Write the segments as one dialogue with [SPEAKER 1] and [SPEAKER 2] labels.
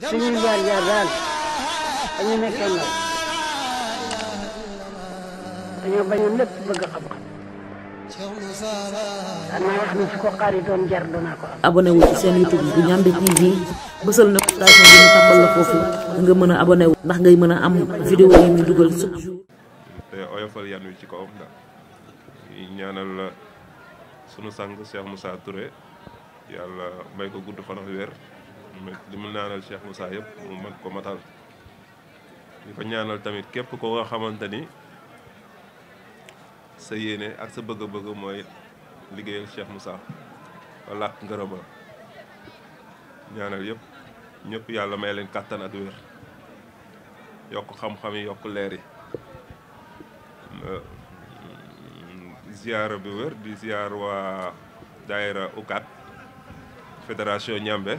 [SPEAKER 1] Seni jaar-jaar daal ñu nekkee ndaw dañoo bañ lépp bëgg xam-xam danaa wax ne su ko xaaritoon jar danaa ko am abonné wu ci seen youtube bu ñambi tv bësal na ko station bi ñu tàmbal la foofu nga mën a abonné wu ndax ngay mën a di mu naanal Cheikh Moussa yëpp mu mën ko matal di ko ñaanal tamit képp ko nga xamante ni sa yéene ak sa bëgg-bëgg mooy liggéeyal Cheikh Moussa wala ak ngërëm ñaanal yëpp ñëpp yàlla may leen kàttan ak wér yokk xam-xam yi yokk leer yi ziyaara bi wér di ziyaar wa daayira ukat federation ñambe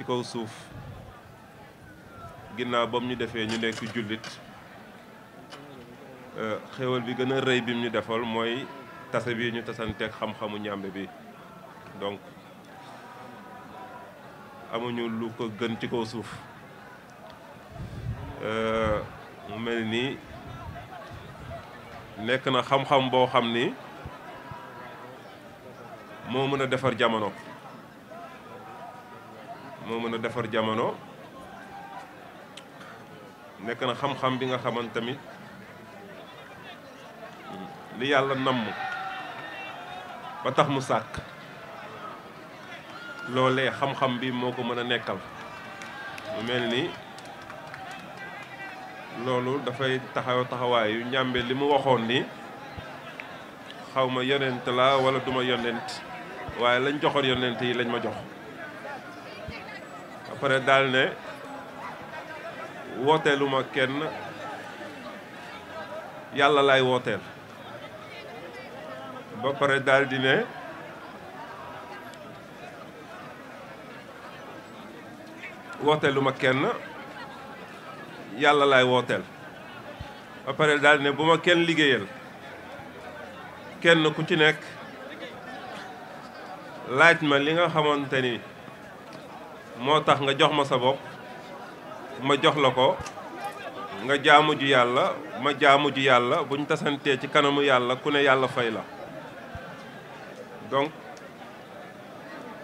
[SPEAKER 1] ci kaw suuf ginnaaw bam ñu defee ñu nekk jullit euh, xéwal bi gën a rëy bim ñu defool mooy tase bii ñu tasanteeg xam-xamu ñàmbe bi donc amuñu lu ko gën ci kaw suuf euh, mu mel nii nekk na xam-xam boo xam ni moo mën a defar jamono. moo mën a defar jamono nekk na xam-xam bi nga xamoon tamit li yàlla namm ba tax mu sàkk loolee xam-xam bi moo ko mën a nekkal mu mel nii loolu dafay taxaw taxawaayu ñàmbe li mu waxoon ni xaw ma yonent la wala duma yonent waaye lañ joxoon yonent yi lañ ma jox après daal ne wooteelu kenn yàlla laay wooteel ba pare daldi ne wooteelu ma kenn yàlla laay wooteel ba pare daal ne bu ma kenn liggéeyal kenn ku ci nekk laaj ma li nga xamante ni motax nga jox ma sa bop ma jox lako nga jaamu ju yalla ma jaamu ju yalla buñ tassante ci kanamu yalla ku ne yalla fay la donc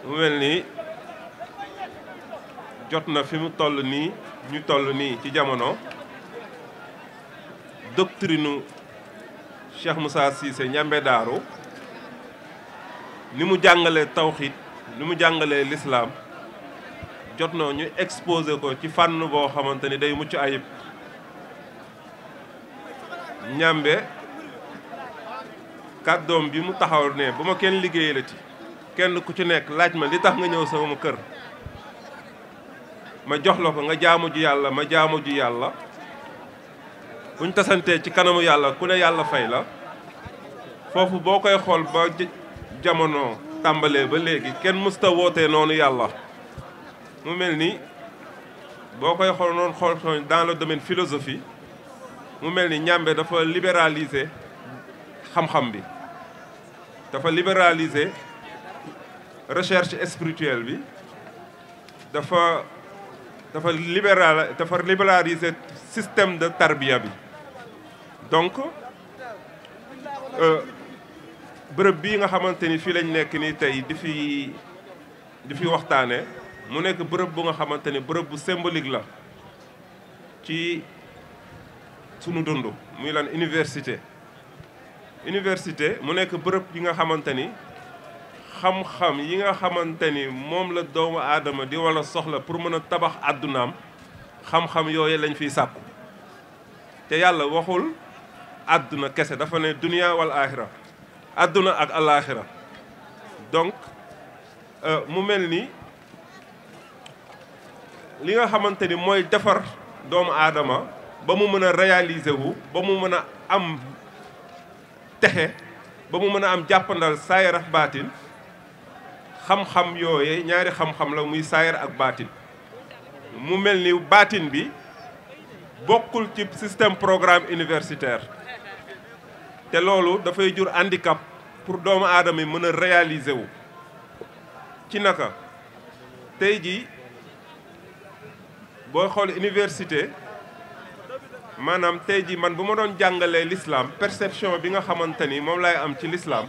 [SPEAKER 1] mu mel na fi mu toll ni ñu toll ni ci jamono doctrine Cheikh Moussa Cissé ñambe daru ni mu tawhid ni mu l'islam jot na ñu exposé ko ci fànn boo xamante ni day mucc ayib ñàmbe kàddoom bi mu taxaw ne bu ma kenn liggéey la ci kenn ku ci nekk laaj ma li tax nga ñëw sama kër ma jox la ko nga jaamu ju yàlla ma jaamu ju yàlla buñ tasantee ci kanamu yàlla ku ne yàlla fay la foofu boo koy xool ba jamono tàmbalee ba léegi kenn mësuta woote noonu yàlla mu mel ni boo koy xool noonu xool dans le domaine philosophie mu mel ni ñàmbe dafa libéraliser xam-xam bi dafa libéralisé recherche spirituelle bi dafa dafa libéral dafa libéraliser système de tarbiya bi donc euh, bërëb bii nga xamante ni fii lañ nekk nii tey di fi di fi waxtaanee mu nekk bërëb bu nga xamante ne bërëb bu symbolique la ci sunu dund muy lan université université mu nekk bërëb yi nga xamante ni xam-xam yi nga xamante ni moom la doomu aadama di wala soxla pour mën a tabax àddunaam xam-xam yooyu lañ fiy sàkku te yàlla waxul àdduna kese dafa ne dunia wal axira àdduna ak al'axira donc euh, mu mel ni li nga xamante ni mooy defar doomu aadama ba mu mën a réaliser wu ba mu mën a am texe ba mu mën a am jàppandal saayar ak baatin xam-xam yooye ñaari xam-xam la muy saayar ak baatin mu mel ni baatin bi bokkul ci système programme universitaire te loolu dafay jur handicap pour doomu aadama yi mën a réaliser wu ci naka tey ji booy université maanaam tey man bu ma doon l'islam perception bi nga xamante ni moom am ci l'islam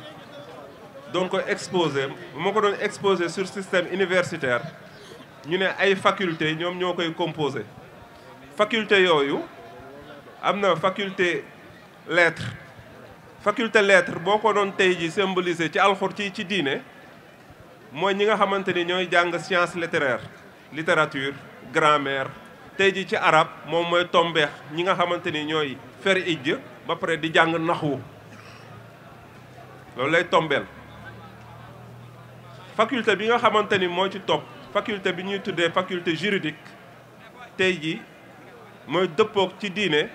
[SPEAKER 1] Donc exposé bu ma ko doon exposé sur système universitaire ñu ne ay faculté Nous ñoo koy composé faculté yooyu am faculté lettres faculté lettres boo ko doon tey jii symbolisé ci alxur ci ci diine mooy ñi nga xamante ni ñooy jàng sciences littéraires. littérature grammaire tey ji ci arab moom mooy tombeex ñi nga xamante ni ñooy fer ij ba pare di jàng naxwu loolu lay tombeel faculté bi nga xamante ni moo ci topp faculté bi ñuy tuddee faculté juridique tey ji mooy dëppook ci diine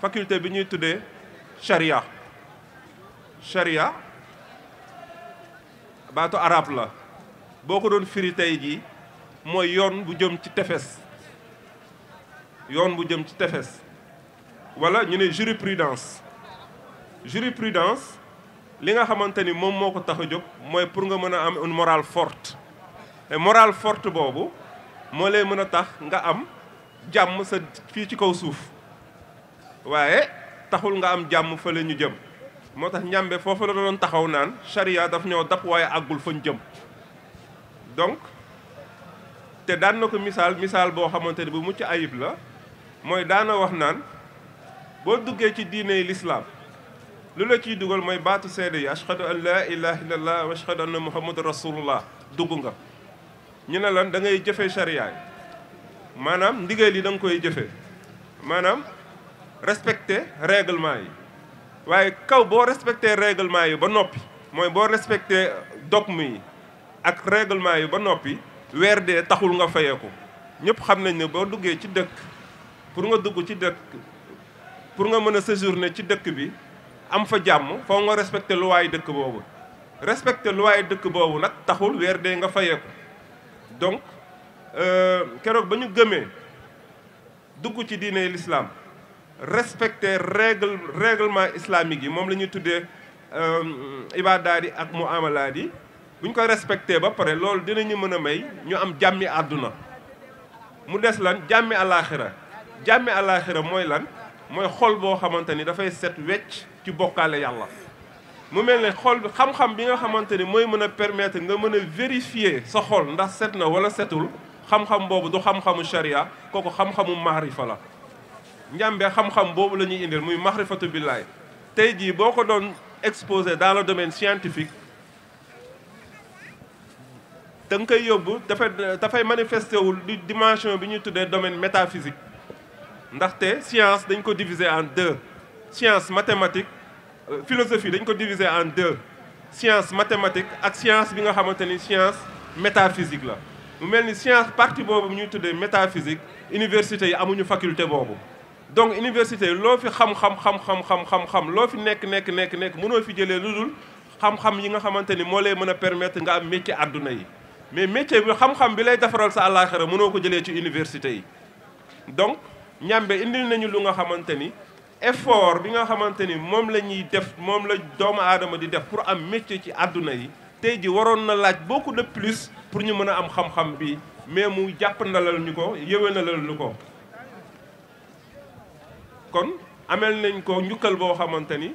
[SPEAKER 1] faculté bi ñuy tuddee charia charia baatu arab la boo ko doon firi tey jii moy yoon bu jëm ci tefes yoon bu jëm ci tefes wala ñu jurisprudence jurisprudence li nga mom moko pour nga une morale forte et morale forte bobu mo lay mëna tax nga am jamm sa ci kaw suuf taxul nga am ñu jëm la donc te daan na ko misaal misaal boo xamante ne bu mucc ayib la mooy daana wax naan boo duggee ci diine lislaam lu la ciy dugal mooy baatu seede yi ashhadu an laa ilaha illallah wa ashhadu anna muhammadu rasulullah dugg nga ñu ne lan da ngay jëfe charia yi maanaam ndigal yi danga koy jëfe maanaam respecté règlement yi waaye kaw boo respecté règlement yi ba noppi mooy boo respecté dogme yi ak règlement yi ba noppi weer dee taxul nga fayeeku ñëpp xam nañ ne boo duggee ci dëkk pour nga dugg ci dëkk pour nga mën a séjourner ci dëkk bi am fa jàmm foo nga lu waaye dëkk boobu lu waaye dëkk boobu nag taxul weer dee nga fayeeku donc euh, keroog ba ñu gëmee dugg ci diine lislaam respecté règle règlement islamique yi moom la ñuy tuddee euh, ibaadaat yi ak muamalaat yi buñ koy respecté ba pare lool dinañu mëna may ñu am jàmmi aduna mu dess lan jàmmi alakhirah jàmmi alakhirah moy lan moy xol bo xamanteni da fay set wecc ci bokalé yàlla mu melni xol bi xam-xam bi nga xamanteni moy mëna permettre nga mëna vérifier sa xol ndax set na wala setul xam-xam bobu du xam-xamu sharia kooku xam-xamu mahrifa la ñambe xam xam-xam bobu lañuy ñuy muy mahrifatu billahi tay ji boko don exposer dans le domaine scientifique da nga koy yóbbu dafay dafay manifesté wul di dimension bi ñuy tuddee domaine métaphysique ndaxte science dañ ko diviser en deux science mathématique euh, philosophie dañ ko diviser en deux science mathématique ak science bi nga xamante ni science métaphysique la mu mel ni science partie boobu ñuy métaphysique université yi amuñu faculté boobu donc université loo fi xam-xam xam-xam xam xam loo fi nekk nek, nek, nek, mënoo fi jëlee lu dul xam-xam yi nga xamante ni moo lay mën a permettre nga am métier àdduna yi mais métier bi xam-xam bi lay defaral sa àllaaxira mënoo ko jëlee ci université yi donc ñàmbe indi nañu lu nga xamante ni effort bi nga xamante ni moom la ñuy def moom la doomu aadama di def pour am métier ci àdduna yi tey ji waroon na laaj beaucoup de plus pour ñu mën a am xam-xam bi mais mu jàpp ndalal ñu ko yëwénalal ñu ko kon amel nañ ko njukkal boo xamante ni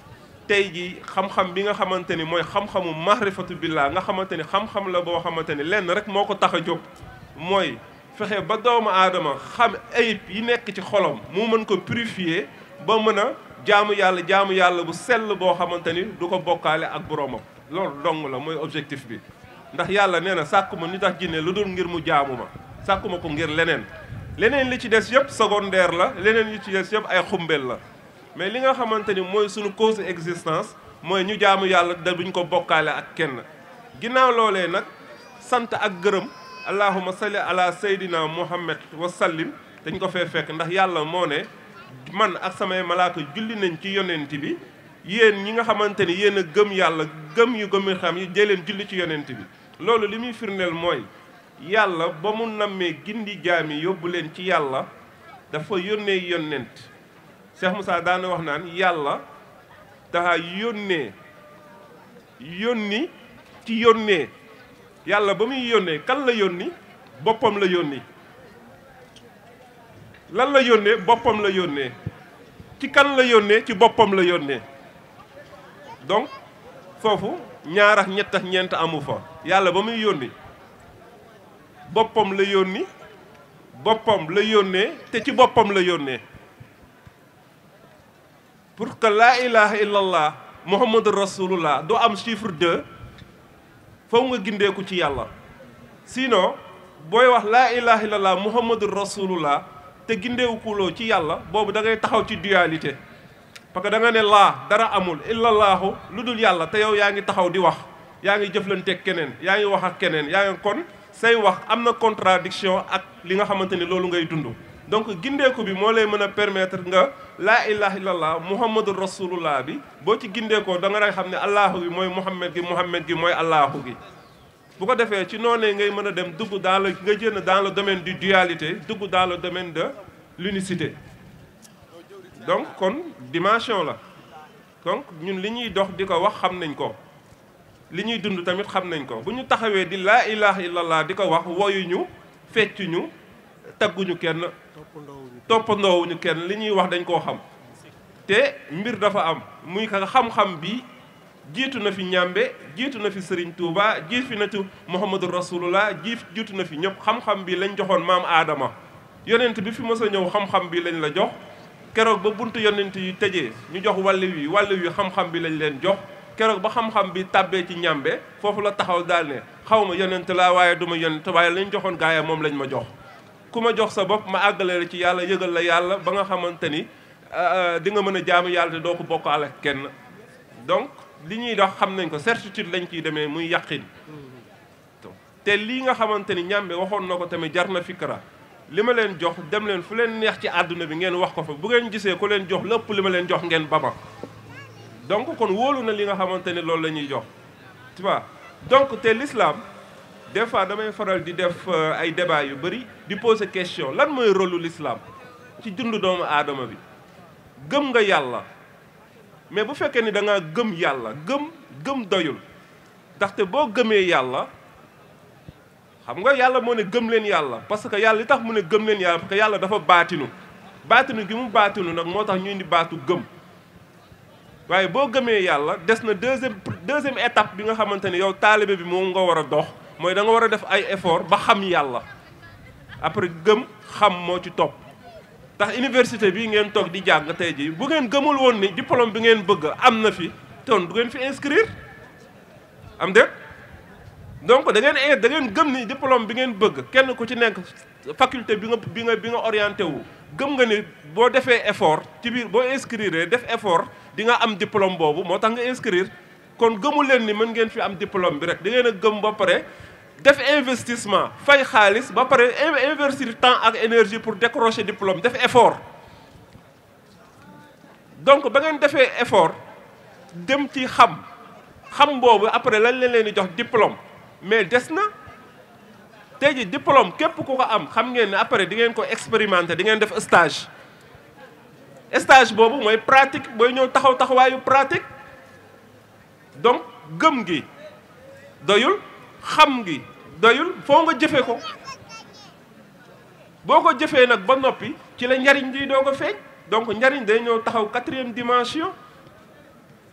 [SPEAKER 1] tey jii xam-xam bi nga xamante ni mooy xam-xamu maarifatu billaa nga xamante ni xam-xam la boo xamante ni lenn rek moo ko tax a jóg mooy fexe ba doomu aadama xam ayib yi nekk ci xolom mu mën ko purifier ba mën a jaamu yàlla jaamu yàlla bu sell boo xamante ni du ko bokkaale ak boroomam loolu dong la mooy objectif bi ndax yàlla nee na sàkku ma ñu tax jinne lu dul ngir mu jaamu ma sàkkuma ko ngir leneen leneen li ci des yëpp secondaire la leneen li ci des ay xumbel la mais li nga xamante ni mooy suñu cause existence mooy ñu jaamu yàlla da buñ ko bokkaale ak kenn ginnaaw loolee nag sant ak gërëm allahuma salli ala saydina muhammad wa sallim dañ ko fee fekk ndax yàlla moo ne man ak samay malaaka julli nañ ci yonent bi yéen ñi nga xamante ni yéen gëm yàlla gëm yu gëmul xam yi dee leen julli ci yonent bi loolu li muy firndeel mooy yàlla ba mu nammee gindi jaam yi yóbbu leen ci yàlla dafa yónnee yonent Cheikh Moussa daana wax naan yàlla daa yónnee yónni ci yónnee yàlla ba muy yónnee kan la yónni boppam la yónni lan la yónnee boppam la yónnee ci kan la yónnee ci boppam la yónnee donc foofu ñaar ñett amu fa yàlla ba muy yónni boppam la yónni boppam la yónnee te ci boppam la yónnee pour que laa ilaha illallah muhammadu rasulullah doo am chiffre de faw nga gindeeku ci yàlla sinon booy wax laa ilaha illallah muhammadu rasulullah te gindeewukuloo ci yàlla boobu dangay taxaw ci dualité parce que da ne laa dara amul illallahu lu dul yàlla te yow yaa ngi taxaw di wax yaa ngi jëflanteeg keneen yaa ngi wax ak keneen yaa ngi kon say wax am na contradiction ak li nga xamante ni loolu ngay dund donc gindeeku bi moo lay mën a permettre nga laa ilaha illallah muhammadul rasulullah bi boo ci gindeekoo da nga day xam ne allahu bi mooy muhammad gi muhammad gi mooy allahu gi bu ko defee ci noonee ngay mën a dem dugg dans le nga jënd dans le domaine du dualité dugg dans le domaine de l'unicité donc kon dimension la donc ñun li ñuy dox di ko wax xam nañ ko li ñuy dund tamit xam nañ ko bu ñu taxawee di laa ilaha illallah di ko wax woyuñu feccuñu tagguñu kenn toppandoowuñu kenn li ñuy wax dañ koo xam te mbir dafa am muy ka xam-xam bi jiitu na fi ñàmbe jiitu na fi Serigne Touba jiitu fi na ci Mouhamadou Rasulullah jiitu na fi ñëpp xam-xam bi lañ joxoon maam Aadama yonent bi fi mës ñëw xam-xam bi lañ la jox keroog ba buntu yonent yi tëjee ñu jox wàll wi wàll wi xam-xam bi lañ leen jox keroog ba xam-xam bi tàbbee ci ñàmbe foofu la taxaw daal ne xaw ma yonent laa waaye duma ma yonent waaye lañ joxoon gaaya moom lañ ma jox ku ma jox sa bopp ma àggale la ci yàlla yëgal la yàlla ba nga xamante ni ah, ah, di nga mën a jaamu yàlla te doo ko bokkaale kenn donc li ñuy dax xam nañ ko certitude lañ ciy demee muy yàqin te lii nga xamante ni ñàmbe waxoon na ko tamit jar na fikra li ma leen jox dem leen fu leen neex ci àdduna bi ngeen wax ko fa bu ngeen gisee ku leen jox lépp li ma leen jox ngeen bama donc kon wóolu na li nga xamante ni loolu la ñuy jox tu vois donc te l'islam des fois damay faral di def euh, ay débat yu bari di poser question lan moy rôle l'islam ci dund doomu adama bi gëm nga yalla mais bu fekkee ni da nga gëm yalla gëm gëm doyul ndaxte bo gëmee yalla xam nga yalla ne parce que yalla li tax mu ne gëm parce que yalla dafa baatinu baatinu gi mu baatinu nak motax ñu indi batu gëm des na deuxième deuxième étape bi nga yow talibé bi moy da nga wara def ay effort ba xam yalla après gëm xam top? ci top tax université bi ngeen tok di jang tay ji bu ngeen gëmul won ni diplôme bi ngeen bëgg amna fi ton du ngeen fi inscrire am de donc da ngeen da ngeen gëm ni diplôme bi ngeen bëgg kenn ku ci nekk faculté bi nga bi nga bi nga orienté wu gëm nga ni bo defee effort ci bir bo inscrire def effort di nga am diplôme bobu motax nga inscrire kon gëmul len ni mën ngeen fi am diplôme bi rek da ngeen a gëm ba paré def investissement fay khalis, ba pare investir temps ak énergie pour décrocher diplôme def effort donc ba ngeen défé effort dem ci xam xam bobu après lañ leen leen jox diplôme mais dessna na diplôme képp ku ko am xam ngeen après di ngeen ko expérimenter di ngeen def stage stage bobu moy pratique boy ñëw taxaw taxawaayu pratique donc gëm gi doyul xam gi doyul vous nga jëfee ko boko ko nak ba nopi ci la di donc day quatrième dimension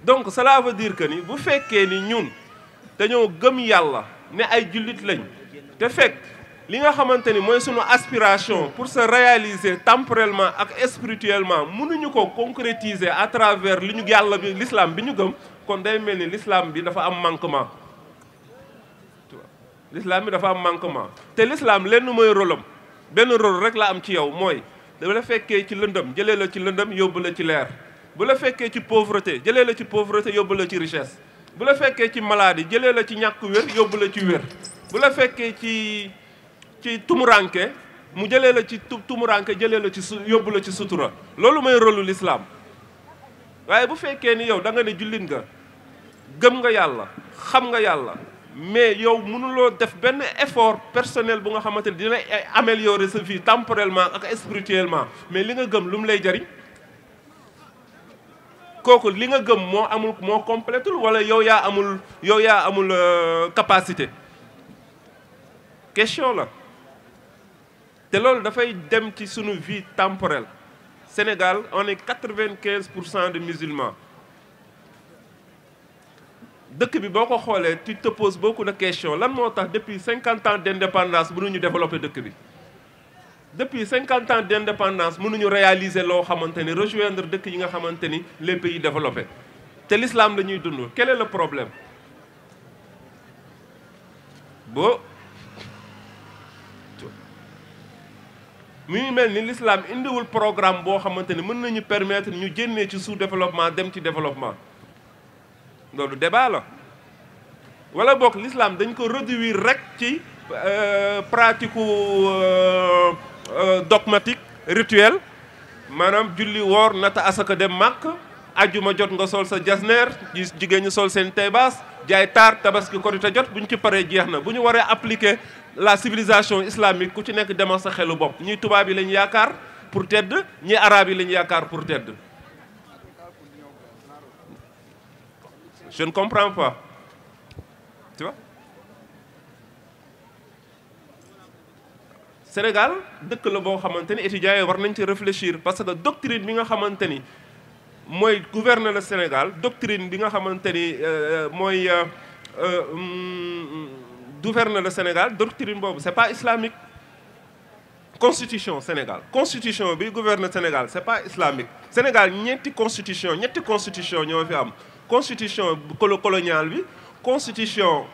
[SPEAKER 1] donc cela veut dire que ni bu que ni ñun dañoo gëm yalla ne ay julit lañ li nga aspiration pour se réaliser temporellement et spirituellement ko concrétiser à travers l'islam bi gëm l'islam bi dafa am manquement l'islam bi dafa am manquement te l'islam lenn mooy rolam benn rôle rek la am ci yow mooy da la fekkee ci lëndëm jëlee la ci lëndëm yóbbu la ci leer bu la fekkee ci pauvreté jëlee la ci pauvreté yóbbu la ci richesse bu la fekkee ci maladie jëlee la ci ñàkk wér yóbbu la ci wér bu la fekkee ci ci tumuranke mu jëlee la ci tumuranke jëlee la ci su yóbbu la ci sutura loolu mooy rôlu l'islam waaye bu fekkee ni yow danga ne jullit nga gëm nga yàlla xam nga yàlla mais yow mënuloo def ben effort personnel bu nga xamanteni dina améliorer sa vie temporellement ak spirituellement mais li nga gëm lum lay jariñ kooku li nga gëm mo amul mo complétul wala yow ya amul yow ya amul euh, capacité question la te da fay dem ci sunu vie temporelle Sénégal on est 95% de musulmans dëkk bi boko xolé tu te poses beaucoup de questions lan moo tax depuis 50 ans d'indépendance, indépendance ñu développer dëkk bi depuis 50 ans d'indépendance, mënu ñu réaliser lo xamanteni rejoindre dëkk yi nga xamanteni les pays développés té l'islam lañuy dund quel est le problème boo muy mel ni l'islam indiwul programme boo xamante ni mën nañu permettre ñu génnee ci sous développement dem ci développement loolu débat la wala boog l'islam dañ ko réduire rek ci euh, pratique euh, euh, dogmatique rituel maanaam julli woor nata asaka dem màkk ajjuma jot nga sol sa Jasner, jigéen ñi sol seen taybaas jaay taar tabaski korite jot bu ñu ci paree jeex na bu appliquer la civilisation islamique ku ci nekk demal sa xelu bopp ñii tubaab yi lañ yaakaar pour tedd ñii arabe yi lañ yaakaar pour tedd Je ne comprends pas. Tu vois Sénégal dès que le bon war réfléchir parce que la doctrine bi nga Moi gouverne le Sénégal doctrine bi nga euh, euh, Moi euh, mm, gouverne le Sénégal doctrine ce c'est pas islamique. constitution Sénégal constitution bi gouverne Sénégal c'est pas islamique Sénégal il a une constitution ñetti constitution a une constitution constitution coloniale bi constitution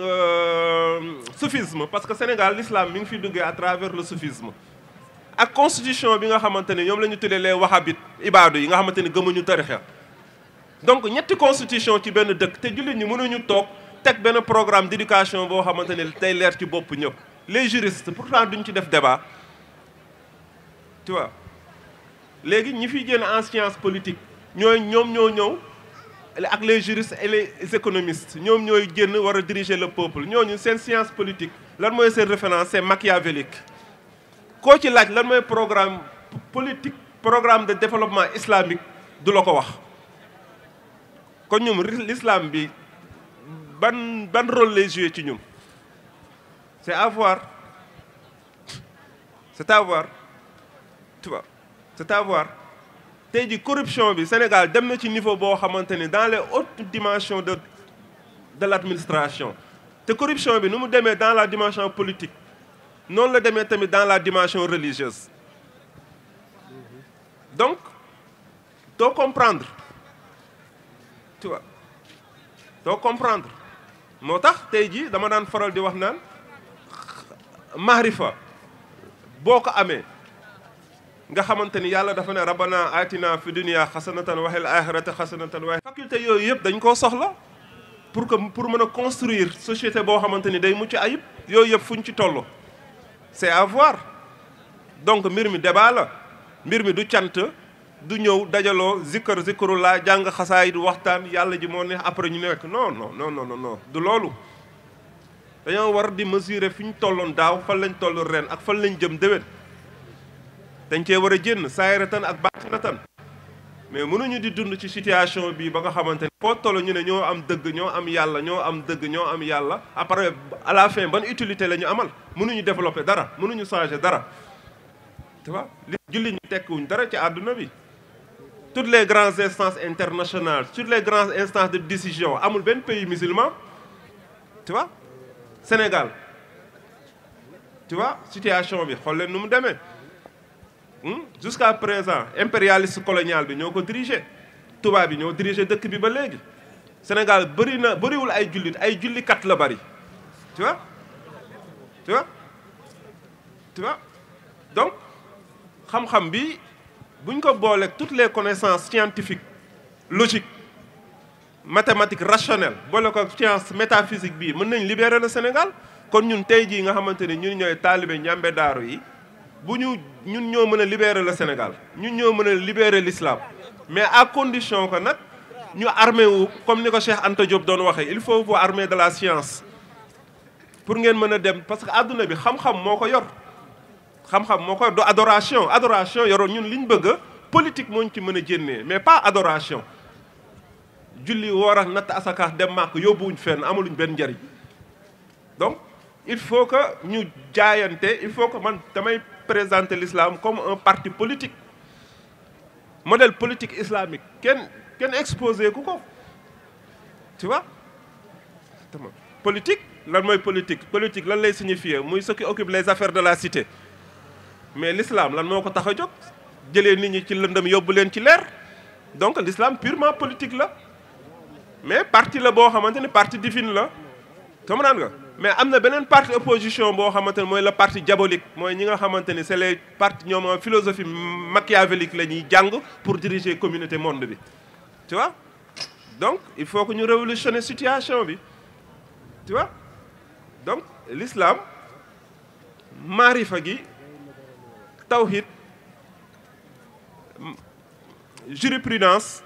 [SPEAKER 1] euh, soufisme parce que Sénégal l'islam il ngi fi à travers le soufisme la constitution bi nga xamante ne ñoom la les wahhabites ibaadu yi nga xamante gëmuñu tarixa donc ñetti constitution ci benn dëkk te jullit ñi mënuñu toog teg un programme d'éducation qui est en train de ci faire les juristes pourtant duñ ci def débat tu vois les ñi qui génn en science politique ñooy ñoom ñoo ñëw avec les juristes et les économistes Nous sommes génn nous diriger le peuple sommes une science politique lan mooy seen référence c'est machiavélique Quand ci laaj lan programme politique programme de développement islamique du la Quand wax l'islam bi ban rôle les jouer c'est avoir. c'est avoir. tu vois c'est avoir tey ji corruption bi Sénégal dem na ci niveau dans les hautes dimensions de de l'administration. administration corruption bi Nous dans la dimension politique non la demee dans la dimension religieuse donc faut comprendre tu vois Donc comprendre moo tax tey jii dama daan faral di wax naan maarifa Boko nga xamante ni yàlla dafa ne rabbana atina fi dunia xasanatan waxil axirata xasanatan waxil faculté yooyu yëpp dañ koo soxla pour que pour mën a construire société boo xamante ni day mucc ayib yooyu yëpp ñu ci toll c'est à voir donc mbir mi débat la mbir mi du cant du ñëw dajaloo zikkar zikkaru laa jàng xasaayid waxtaan yàlla ji moo neex après ñu nekk non non non non non du loolu dañoo war di mesurer fu ñu tolloon daaw fan lañ toll ren ak fan lañ jëm déwén dañ cee war a génn saayiratan ak baatinatan mais mënuñu di dund ci situation bi ba nga xamanteni ne foo toll ñu ne ñoo am dëgg ñoo am yàlla ñoo am dëgg ñoo am yàlla après à la fin ban utilité la ñu amal mënuñu développer dara mënuñu changer dara tu vois li julli ñu tekkiwuñ dara ci àdduna bi toutes les grandes instances internationales toutes les grandes instances de décision amul benn pays musulman tu vois Sénégal tu vois situation bi xool leen nu mu demee Hmm? jusqu'à présent impérialiste colonial bi ñoko diriger dirigé bi ñoo dirigé dëkk bi ba légui Sénégal bari na wul ay jullit ay kat la bari tu vois tu vois tu vois donc xam-xam bi buñ ko bolé toutes les connaissances scientifiques logiques mathématiques rationnelles bolé ko science métaphysique bi mën nañ libérer le Sénégal kon ñun tay ji nga xamante ñun ñoy talibé ñambé daru yi bu ñu ñun ñoo libérer le Sénégal ñun ñoo libérer l'islam mais à condition que nag ñu armé wu comme le Cheikh Anta Diop doon waxee il faut vous armer de la science pour ngeen vous dem parce que àdduna bi xam-xam moo ko xam-xam moko ko adoration adoration yoro ñun liñ bëgg politique moñ ci mëna a mais pas adoration julli woor ak natt asaka dem màkk yobuñ fenn amuluñ ben njariñ donc il faut que ñu jaayante il faut que man damay présenter l'islam comme un parti politique modèle politique islamique qu'est ken exposé coucou tu vois politique lan politique politique lan lay signifier ce qui occupe les affaires de la cité mais l'islam lan moo tu tax a jóg nit ñi ci donc l'islam purement politique là, mais parti le bon xamante parti divine la Tu comprends mais am a une parti opposition boo xamante ne le parti diabolique c'est les partie ñoom philosophie machiavélique pour diriger communauté monde tu vois donc il faut que nous révolutionnions la situation tu vois donc l'islam maarifa gi tawhid jurisprudence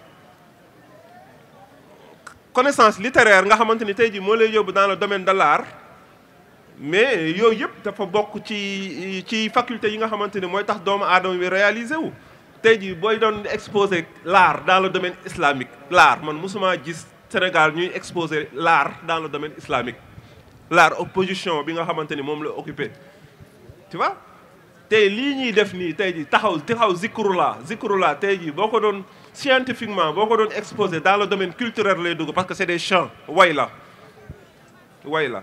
[SPEAKER 1] connaissance littéraire nga xamante ni tey dans le domaine de l'art mais yooyu yëpp dafa bok ci ci faculté yi nga xamanteni moy tax doomu adam bi réalisé wu tey jii booy doon exposé l'art dans le domaine islamique l'art man musuma gis Sénégal ñuy exposé l'art dans le domaine islamique l'art opposition bi nga xamanteni mom la occupé tu vois tey li ñuy def ni tey jii taxaw taxaw zikrullah zikrullah tey jii boo d'on scientifiquement boko d'on exposer exposé dans le domaine culturel lay dugg parce que c'est des champs way la way la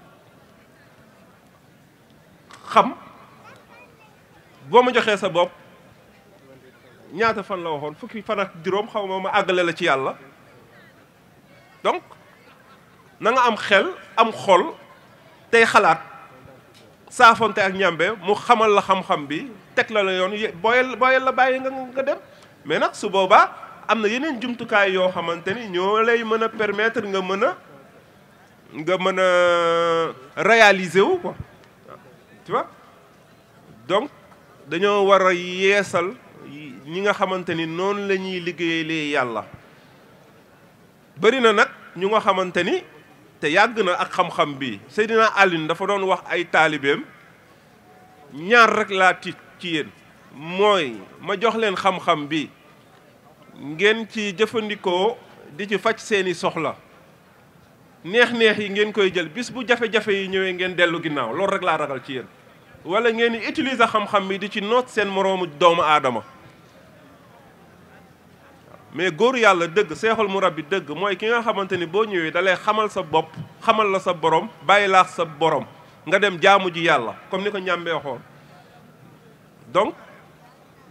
[SPEAKER 1] xam bo ma joxe sa bop ñaata fan la waxon fukki fan ak juróom xawma ma agale la ci yalla donc na nga am xel am xol tay xalaat saafonte ak ñambe mu xamal la xam-xam bi tek la la yoon boyal boyal la baye nga nga dem mais nak su boba am na yeneen jumtukaay yoo xamante ñoo lay mën a permettre nga mën nga mën a réaliser wu quoi tu vois donc dañoo war a yeesal ñi nga xamante ni noonu la ñuy liggéeyalee yàlla bëri na nag ñu nga xamante ni te yàgg na ak xam-xam bi Seydina Alioune dafa doon wax ay taalibeem ñaar rek laa tiit ci yéen mooy ma jox leen xam-xam ngeen ci jëfandikoo di ci faj seeni soxla neex-neex yi ngeen koy jël bis bu jafe-jafe yi ñëwee ngeen dellu ginnaaw loolu rek laa ragal ci yéen wala ngeen di utiliser xam-xam bi di ci noot seen moroomu doomu aadama mais góor yàlla dëgg seexul murabbi dëgg mooy ki nga xamante ni boo ñëwee dalay xamal sa bopp xamal la sa borom bàyyi laax sa borom nga dem jaamu ji yàlla comme ni ko ñàmbee donc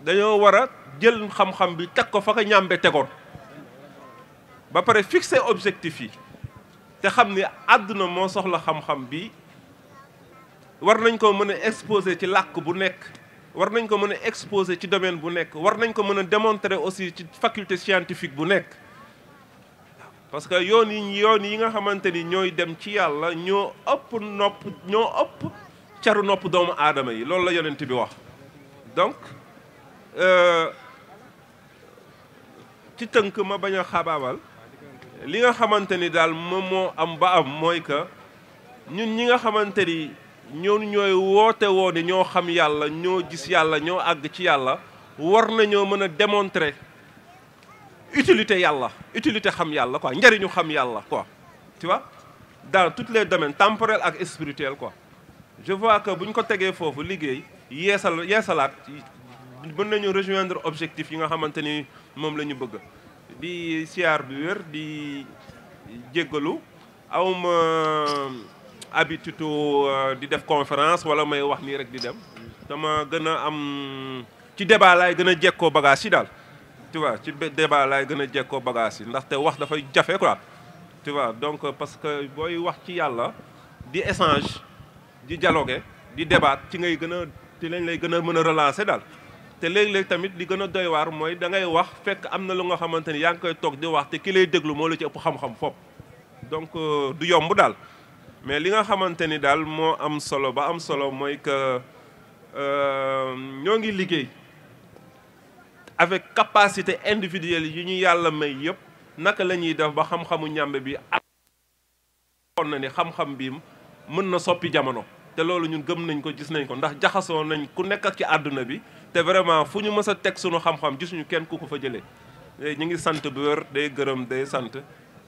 [SPEAKER 1] dañoo war a jël xam-xam bi teg ko fa ko ñàmbe tegoon ba pare fixer objectif yi te xam ni àdduna moo soxla xam-xam bi war nañ ko mën a exposer ci làkk bu nekk war nañ ko mën a exposer ci domaine bu nekk war nañ ko mën a démontrer aussi ci faculté scientifique bu nekk parce que yoon yi yoon yi nga xamante ni ñooy dem ci yàlla ñoo ëpp nopp ñoo ëpp caru nopp doomu aadama yi loolu la bi wax donc euh, ci tënk ma bañ a xabaabal li nga xamante ni daal moom am ñun nga xamante ñoom ñoy woté woo ne ñoo xam yalla ñoo gis yalla ñoo ag ci yalla war nañoo mën a démontrer utilité yalla utilité xam yalla quoi njëriñu xam yalla quoi tu vois dans tous les domaines temporel ak spirituel quoi je vois que buñ ko tegee fofu liggéey yéssal yéssalat mën nañu rejoindre objectif yi nga xamanteni mom lañu bëgg di siyaar bi wër di djéggalu awma habitude euh, di def conférence wala may wax ni rek di dem dama gëna am ci débat lay gëna jéko bagage yi dal tu vois ci débat lay gëna jéko bagage yi té wax fay jafe quoi tu vois donc parce que boy wax ci yalla di échange di dialogue di débat ci ngay gëna a ci lañ lay gëna mëna relancer dal té lég lég tamit di gëna doy war moy da ngay wax fekk am nalonga lu nga xamanteni yang koy tok di wax té ki lay déglu mo la ci ëpp xam-xam fop donc euh, du yomb dal mais li nga xamante ni daal moo am solo ba am solo mooy que euh, ñoo ngi liggéey avec capacité individuelle yi ñu yàlla may yëpp naka la ñuy def ba xam-xamu ñàmbe bi kon na ni xam-xam bi mën na soppi jamono te loolu ñun gëm nañ ko gis nañ ko ndax jaxasoo nañ ku nekk ak ci àdduna bi te vraiment fu ñu mës a teg sunu xam-xam gisuñu kenn ku ko fa jëlee ñu ngi sant bu wér day gërëm day sant